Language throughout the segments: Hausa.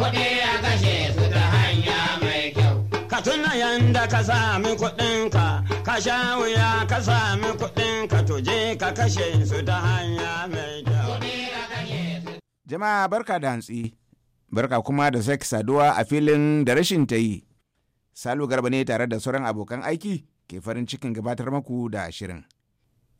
kuɗi a kashe su ta hanya mai kyau. Ka tuna yanda ka sami kuɗinka, ka sha wuya ka sami kuɗinka tuje ka kashe su ta hanya mai kyau. Jama'a barka da hantsi, barka kuma da sake saduwa a filin da rashin ta yi. Salu Garba ne tare da sauran abokan aiki ke farin cikin gabatar maku da shirin.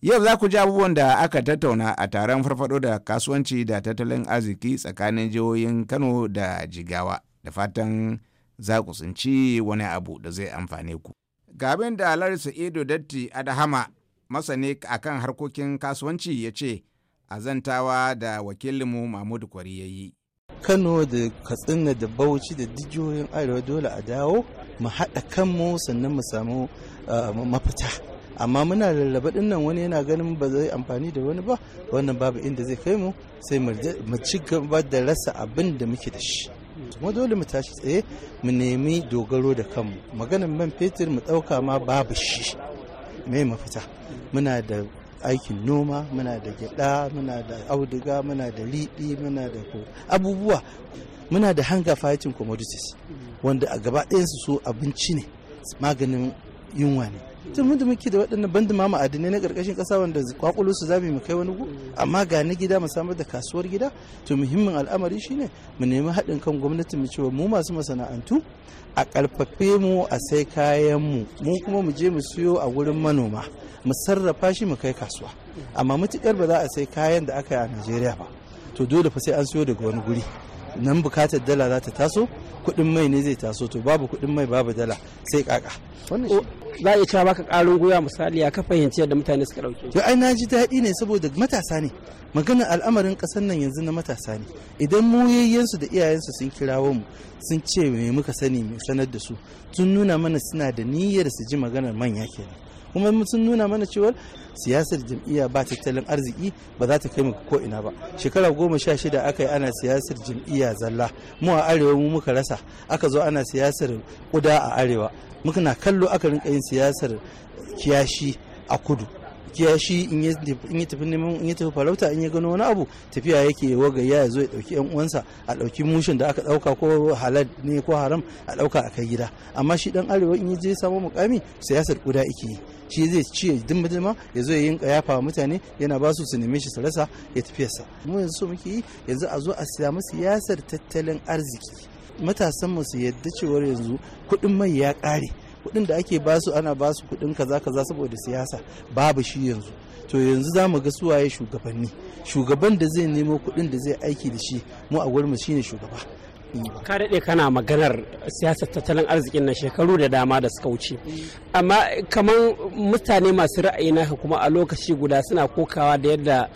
Yau za ku ji abubuwan da aka tattauna a taron farfado da kasuwanci da tattalin arziki tsakanin jihohin Kano da Jigawa da fatan za ku tsinci wani abu da zai amfane ku. gabin abin da Larisa Ido Datti Adahama masani kan harkokin kasuwanci ya ce a zantawa da wakilinmu Mahmud Kwari ya yi. Kano da Katsina da Bauchi da dijiyoyin Arewa dole a dawo mu haɗa kanmu sannan mu samu ah, mafita. amma muna lallaba din nan wani yana ganin ba zai amfani da wani ba wannan babu inda zai kai mu sai mu ci gaba da rasa abin da muke da shi kuma dole mu tashi tsaye mu nemi dogaro da kanmu maganin man fetur mu ɗauka ma babu shi me mafita muna da aikin noma muna da gyada muna da auduga muna da liɗi muna da abubuwa muna da hanga fighting commodities wanda a gaba ɗayansu su abinci ne maganin yunwa ne tun mun muke da waɗannan bandu ma ma'adinai na ƙarƙashin ƙasa wanda kwakulo su zamu mu kai wani gu amma ga ni gida mu samar da kasuwar gida to muhimmin al'amari shine mu nemi haɗin kan gwamnati mu cewa mu masu masana'antu a ƙarfafe mu a sai kayan mu mu kuma mu je mu siyo a wurin manoma mu sarrafa shi mu kai kasuwa amma mutukar ba za a sai kayan da aka yi a Najeriya ba to dole fa sai an siyo daga wani guri nan bukatar dala za ta taso kuɗin mai ne zai taso to babu kuɗin mai babu dala sai kaka za a cewa baka karin gwiwa misali ya ka fahimci yadda mutane suka dauke to ai naji daɗi ne saboda matasa ne magana al'amarin ƙasar nan yanzu na matasa ne idan mu yayyansu da iyayensu sun kirawo mu sun ce me muka sani mu sanar da su tun nuna mana suna da niyyar su ji maganar manya kenan kuma sun nuna mana cewa siyasar jam'iyya ba tattalin arziki ba za ta kai mu ko ina ba shekara goma sha shida aka yi ana siyasar jam'iyya zalla mu a arewa mu muka rasa aka zo ana siyasar kuda a arewa muka na kallo aka rinka yin siyasar kiyashi a kudu kiyashi in ya tafi neman in yi tafi farauta in ya gano wani abu tafiya yake wagaya ya zo ya dauki yan uwansa a dauki mushin da aka dauka ko halal ne ko haram a dauka a kai gida amma shi dan arewa in ya je samu mukami siyasar kuda yake yi shi zai ci dimma dimma ya zo ya yinka yafa mutane yana ba su su neme shi su rasa ya tafiyarsa mu yanzu so muke yi yanzu a zo a samu siyasar tattalin arziki matasan su yadda cewar yanzu kuɗin mai ya ƙare kuɗin da ake basu ana basu kuɗin kaza kaza saboda siyasa babu shi yanzu to yanzu za mu ga suwaye shugabanni shugaban da zai nemo kuɗin da zai aiki da shi mu a gurin shine shugaba ka daɗe kana maganar siyasar tattalin arzikin na shekaru da dama da suka wuce amma kamar mutane masu ra'ayi naka kuma a lokaci guda suna kokawa da yadda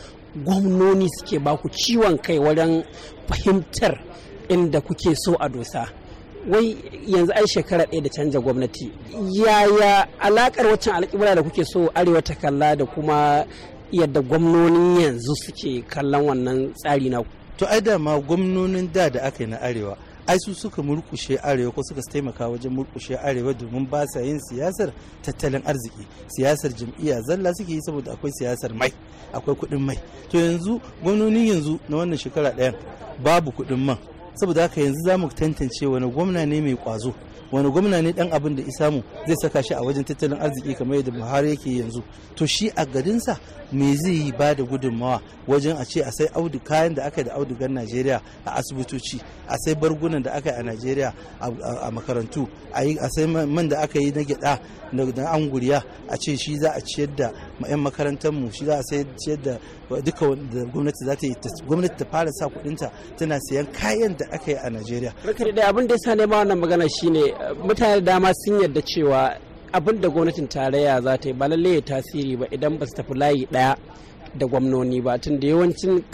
gwamnoni suke baku ciwon kai wajen fahimtar inda kuke so a dosa wai yanzu ai shekara ɗaya da canza gwamnati yaya alakar waccan alƙibla da kuke so arewa ta kalla da kuma yadda gwamnonin yanzu suke kallon wannan tsari na to ai da ma gwamnonin da da aka yi na arewa ai su suka murkushe arewa ko suka taimaka wajen murkushe arewa domin ba sa yin siyasar tattalin arziki siyasar jam'iyya zalla suke yi saboda akwai siyasar mai akwai kuɗin mai to yanzu gwamnonin yanzu na wannan shekara ɗayan babu kuɗin man saboda haka yanzu za mu tantance wani gwamna ne mai kwazo wani gwamna ne dan abin da isamu zai saka shi a wajen tattalin arziki kamar yadda buhari yake yanzu to shi a garinsa me zai yi ba da gudunmawa wajen a ce a sai audu kayan da aka yi da audugar najeriya a asibitoci a sai bargunan da aka yi a najeriya a makarantu a sai man da aka yi na gyada da guriya a ce shi za a ciyar da 'yan makarantar mu shi za a ciyar da duka gwamnati za ta yi gwamnati ta fara sa kudinta tana sayan kayan da da aka yi a Najeriya. Rikari da abin da ya sa nema wannan magana shi shine mutane dama sun yarda cewa abin da gwamnatin tarayya za ta yi ba lallai ya tasiri ba idan ba su tafi layi ɗaya. da gwamnoni ba tun da yawancin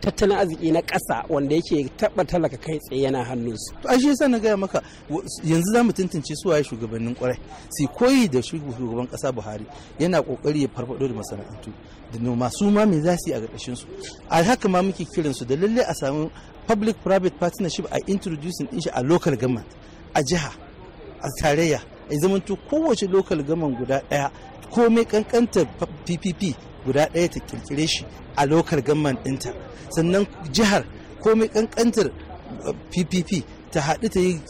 tattalin arziki na ƙasa wanda yake taɓa talaka kai tsaye yana hannunsu. to ashe yasa na gaya maka yanzu za mu tantance su waye shugabannin kwarai sai koyi da shugaban ƙasa buhari yana ƙoƙari ya farfaɗo da masana'antu da noma su ma me za su yi a ƙarƙashin su a haka ma muke kiran su da lalle a samu public private partnership a introducing din shi a local government a jiha a tarayya a zamanto kowace local gaman guda ɗaya komai kankantar ppp guda ɗaya ta kirkire shi a lokar gamman ɗinta sannan jihar komai ƙanƙantar ppp uh, ta haɗu ta yi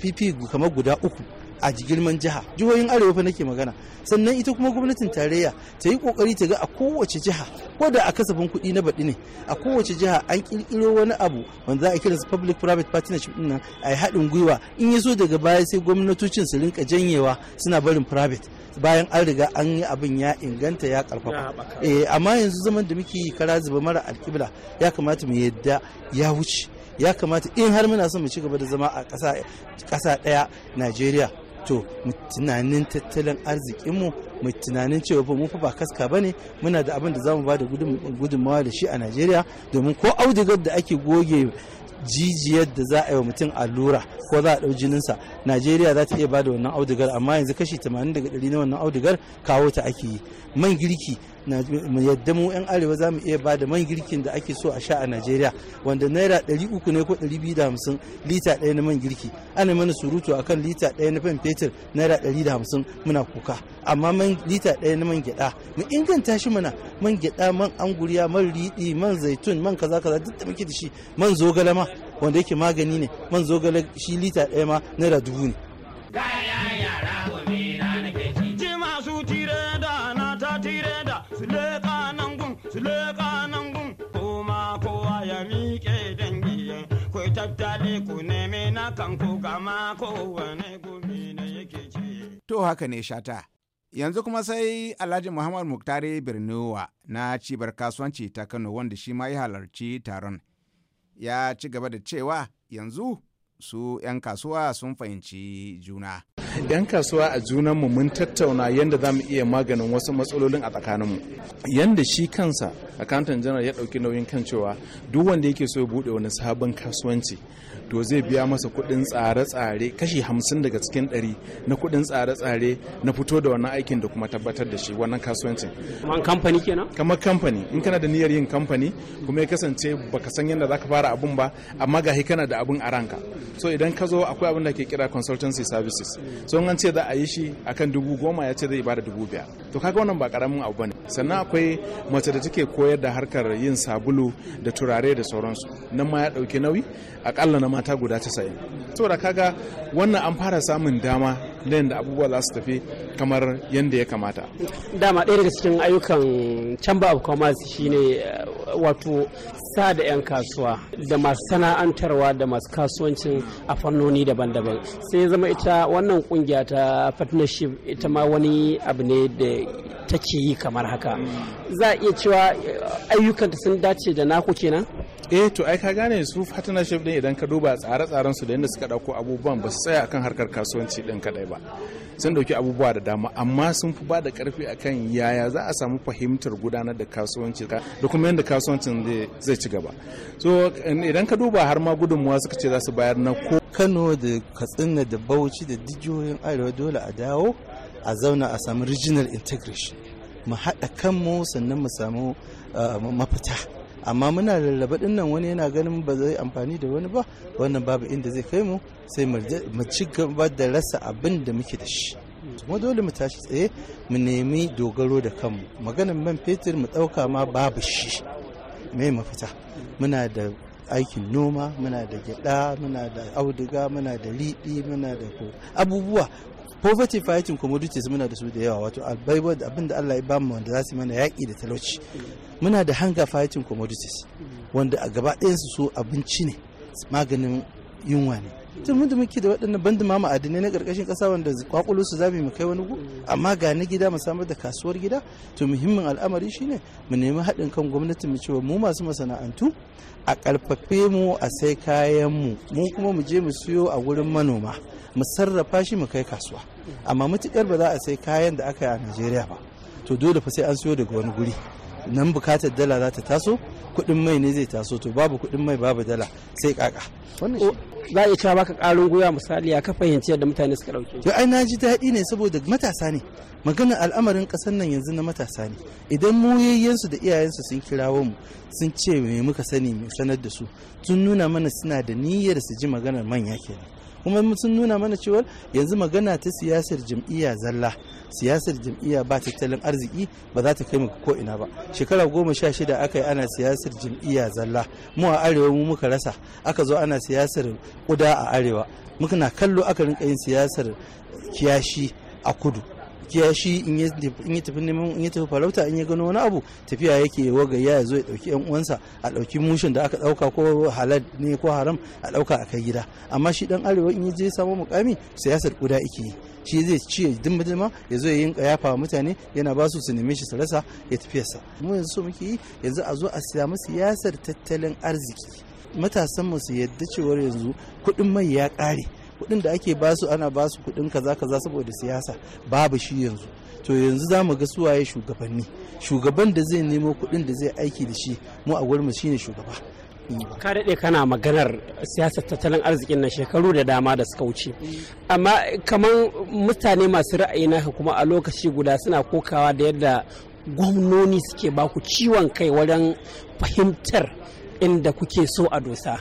ppp kamar guda uku a girman jiha jihohin arewa fa nake magana sannan ita kuma gwamnatin tarayya ta yi kokari ta ga a kowace jiha ko da a kasafin kuɗi na baɗi ne a kowace jiha an kirkiro wani abu wanda za a kira public private partnership din nan a yi haɗin gwiwa in ya so daga baya sai gwamnatocin su rinka janyewa suna barin private bayan an riga an yi abin ya inganta ya karfafa eh amma yanzu zaman da muke yi kara zuba mara alƙibla ya kamata mu yadda ya wuce ya kamata in har muna son mu ci gaba da zama a ƙasa ɗaya najeriya to tunanin tattalin arzikinmu Mai tunanin cewa fa mu fa ba kaska bane muna da abin da zamu ba da gudunmawa da shi a Najeriya domin ko audigar da ake goge jijiyar da za a yi wa mutum allura ko za a ɗau jininsa najeriya za ta iya da wannan audigar amma yanzu kashi 80 daga 100 na wannan audigar kawo ta ake yi man girki mu yadda mu 'yan arewa za mu iya ba da man girkin da ake so a sha a najeriya wanda naira 300 ne ko 250 lita ɗaya na man girki ana mana surutu akan lita ɗaya na fan fetur naira 150 muna kuka amma man man lita ɗaya na man gyaɗa mu inganta shi mana man gyaɗa man anguriya man riɗi man zaitun man kaza kaza duk da muke da shi man zogale ma wanda yake magani ne man zogale shi lita ɗaya ma naira dubu ne. na na To haka ne shata, Yanzu kuma sai Alhaji Muhammad Muktari Birniwa na cibar kasuwanci ta Kano wanda shi ma ya halarci taron. Ya ci gaba da cewa yanzu su 'yan kasuwa sun fahimci juna. 'yan kasuwa a junanmu mun tattauna yadda za mu iya maganin wasu matsalolin a tsakaninmu yadda shi kansa akantan janar ya ɗauki nauyin kan cewa duk wanda yake so ya buɗe wani sabon kasuwanci to zai biya masa kuɗin tsare-tsare kashi hamsin daga cikin ɗari na kuɗin tsare-tsare na fito da wannan aikin da kuma tabbatar da shi wannan kasuwancin. Kamar kamfani kenan? Kamar kamfani in kana da niyyar yin kamfani kuma ya kasance baka san yadda zaka fara abun ba amma ga kana da abun a ranka. So idan ka zo akwai abin da ke kira consultancy services. So in an ce za a yi shi akan dubu goma ya ce zai bada dubu biyar. To kaga wannan ba karamin abu bane. Sannan akwai mace da take koyar da harkar yin sabulu da turare da sauransu. Nan ma ya ɗauki nauyi akalla na mata guda to da kaga wannan an fara samun dama da yadda abubuwa za su tafi kamar yadda ya kamata. Dama ɗaya daga cikin ayyukan Chamber of Commerce shine eh, wato sa da 'yan kasuwa da masu sana'antarwa da masu kasuwancin a fannoni daban-daban. Sai zama ita wannan kungiya ta partnership ita ma wani abu ne da take yi kamar haka. Za a iya cewa eh, ayyukanta sun dace da naku kenan? eh to ai ka gane su partnership din idan ka duba tsare-tsaren su da yadda suka dauko abubuwan ba su tsaya akan harkar kasuwanci din kadai ba sun dauki abubuwa da dama amma sun fi ba da karfi akan yaya za a samu fahimtar gudanar da kasuwanci da kuma yadda kasuwancin zai ci gaba so idan ka duba har ma gudunmuwa suka ce za su bayar na ko kano da katsina da bauchi da dijiyoyin arewa dole a dawo a zauna a samu regional integration mu haɗa kanmu sannan mu samu ah, mafita amma muna lallaba din nan wani yana ganin ba zai amfani da wani ba wannan babu inda zai kai mu sai mu ci gaba da rasa abin da muke da shi kuma dole mu tashi tsaye mu nemi dogaro da kanmu maganar man fetur mu ɗauka ma babu shi me mafita muna da aikin noma muna da gyada muna da auduga muna da liɗi muna da abubuwa poverty fighting commodities muna da su da yawa wato albaiwa da abin da Allah ya bamu wanda za su mana yaƙi da talauci muna da hunger fighting commodities wanda a gaba ɗayansu su abinci ne maganin yunwa ne tun mun da muke da waɗannan bandin ma ma'adinai na ƙarƙashin ƙasa wanda kwakulo su zamu mu kai wani gu amma ga ni gida mu samar da kasuwar gida to muhimmin al'amari shine mu nemi haɗin kan gwamnati mu cewa mu masu masana'antu a ƙarfafe mu a sai kayan mu mu kuma mu je mu siyo a wurin manoma mu sarrafa shi mu kai kasuwa amma mutukar ba za a sai kayan da aka yi a Najeriya ba to dole fa sai an siyo daga wani guri nan bukatar dala za ta taso kuɗin mai ne zai taso to babu kuɗin mai babu dala sai kaka za a iya cewa baka karin gwiwa misali ya ka fahimci yadda mutane suka dauke to ai naji daɗi ne saboda matasa ne magana al'amarin ƙasar nan yanzu na matasa ne idan mu yayyansu da iyayensu sun kirawo mu sun ce me muka sani mu sanar da su sun nuna mana suna da niyyar su ji maganar manya kenan kuma sun nuna mana cewa yanzu magana ta siyasar jam'iyya zalla siyasar jam'iyya ba tattalin arziki ba za ta kai muku ko ina ba shekara goma sha shida aka yi ana siyasar jam'iyya zalla mu a arewa mu muka rasa aka zo ana siyasar kuda a arewa muka na kallo aka rinka yin siyasar kiyashi a kudu gaskiya shi in ya tafi neman in ya tafi farauta in ya gano wani abu tafiya yake wagaya ya zo ya dauki yan uwansa a dauki mushin da aka dauka ko halal ne ko haram a dauka a kai gida amma shi dan arewa in ya je samu mukami siyasar kuda yake yi shi zai ci ya dimba dimba ya zo ya yin kayafa mutane yana ba su su neme shi su rasa ya tafiyarsa mu yanzu so muke yi yanzu a zo a samu siyasar tattalin arziki matasan mu su yadda cewar yanzu kuɗin mai ya kare. kuɗin da ake basu ana basu kuɗin kaza kaza saboda siyasa babu shi yanzu to yanzu za mu ga suwaye shugabanni shugaban da zai nemo kuɗin da zai aiki da shi mu a gurin shine shugaba ka daɗe kana maganar siyasar tattalin arzikin na shekaru da dama da suka wuce mm. amma kamar mutane masu ra'ayi naka kuma a lokaci guda suna kokawa da yadda gwamnoni suke baku ciwon kai wajen fahimtar inda kuke so a dosa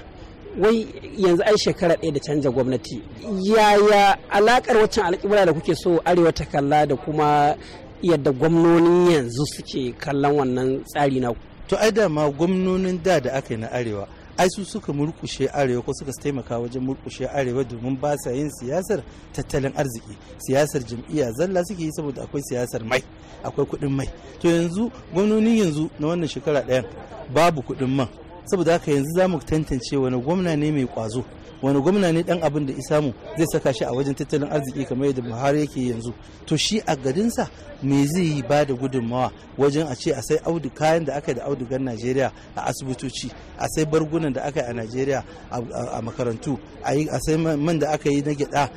wai yanzu ai shekara ɗaya da canja gwamnati yaya alakar waccan alƙibla da kuke so arewa ta kalla da kuma yadda gwamnonin yanzu suke kallon wannan tsari na to ai da ma gwamnonin da da aka yi na arewa ai su suka murkushe arewa ko suka taimaka wajen murkushe arewa domin ba sa yin siyasar tattalin arziki siyasar jam'iyya zalla suke yi saboda akwai siyasar mai akwai kuɗin mai to yanzu gwamnonin yanzu na wannan shekara ɗayan babu kuɗin man saboda haka yanzu za mu tantance wani gwamna ne mai kwazo wani gwamna ne dan abin da isamu zai saka shi a wajen tattalin arziki kamar yadda buhari yake yanzu to shi a garinsa me zai yi ba da gudunmawa wajen a ce a sai audu kayan da aka yi da audugar najeriya a asibitoci a sai bargunan da aka yi a najeriya a makarantu a sai man da aka yi na gyada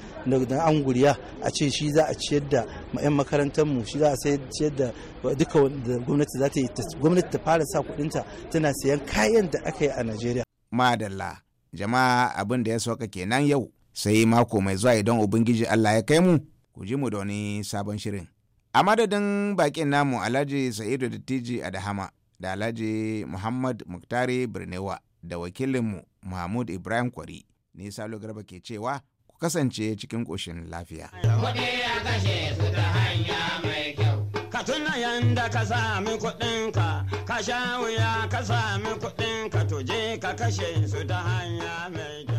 da anguriya a ce shi za a ciyar da 'yan makarantar mu shi za a sai ciyar da duka gwamnati za ta yi gwamnati ta fara sa kudinta tana sayan kayan da aka yi a Najeriya. Madalla, jama'a abin da ya sauka kenan yau sai mako mai zuwa idan Ubangiji Allah ya kai mu, ku ji mu da wani sabon shirin. A madadin bakin namu Alhaji Sa'idu Dattiji Adahama da Alhaji Muhammad Muktari Birnewa da wakilinmu Mahmud Ibrahim Kwari, ne Salo Garba ke cewa ku kasance cikin ƙoshin lafiya. Kuɗi kashe su ta hanya mai kyau. Ka tuna yanda ka sami kuɗinka sha wuya ka sami kuɗin ka tuje ka kashe su ta hanya mai